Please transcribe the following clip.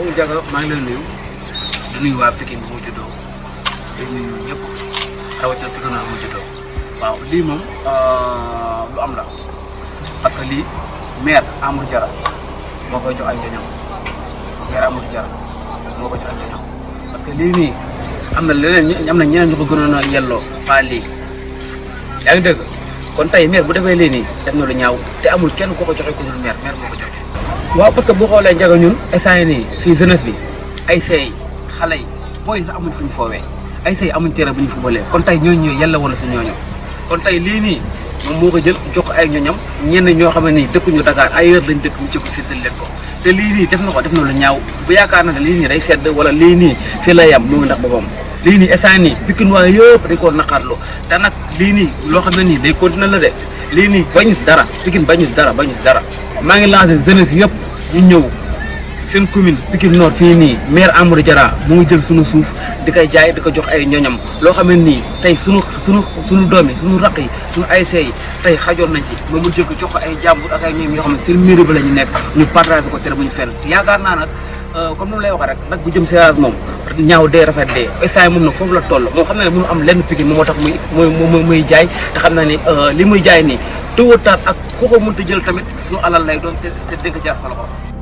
waaw Ndiaga maa ngi lay nuyu di nuyu waa am la parce que amu maire Amadou jox ay joñam maire Amadou Diarra moo jox ay joñam parce que lii nii am leneen am ñeneen ñu ko gënoon a yelloo pas yaa ngi kon tey mer bu defee def na lu ñaaw amul kenn waaw parce que boo xoolee njaga ñun instant yii nii fii jeunesse bi ay say xale yi booy sax amuñ fu ñu foowee ay say amuñ tere bu ñu fubalee kon tey ñooñu ñooy yàlla wala si ñooñu kon tey lii nii moom moo ko jël jox ko ay ñoñam ñenn ñoo xam ne nii dëkkuñu Dakar ailleurs lañ dëkk mu ci ko séddal leen ko te lii nii def na ko def na lu ñaaw bu yaakaar na lii nii day sedd wala lii nii fii lay am mu ngi ndax boppam lii nii instant nii Pikine waa yëpp dañ koo naqarlu te nag lii nii loo xam ne nii day continuer la de lii nii bañus dara Pikine bañus dara bañus dara maa ngi lancé jeunesse yëpp ñu ñëw seen commune Pikine Nord fii nii maire Amadou jaraa mu jël sunu suuf di koy jaay di ko jox ay ñoñam loo xam ne nii tey sunu sunu sunu doom yi sunu raq yi sunu ay seey tey xajoon nañ ci moom mu jël jox ay jàmbur ak ay xam ne seen mairie la ñu nekk ñu partagé ko tere bu ñu fenn yaakaar naa nag euh, comme moom lay waxee rek nag bu jëm séerage moom ñaaw dee rafet dee essay moom nag foofu la toll moom xam ne mënu am lenn Pikine moom moo tax muy muy muy jaay te xam na ni euh, li muy jaay nii tëwataat ak ku ko mënta jël tamit suñu alal lay doon te te dënk jaar sa loxo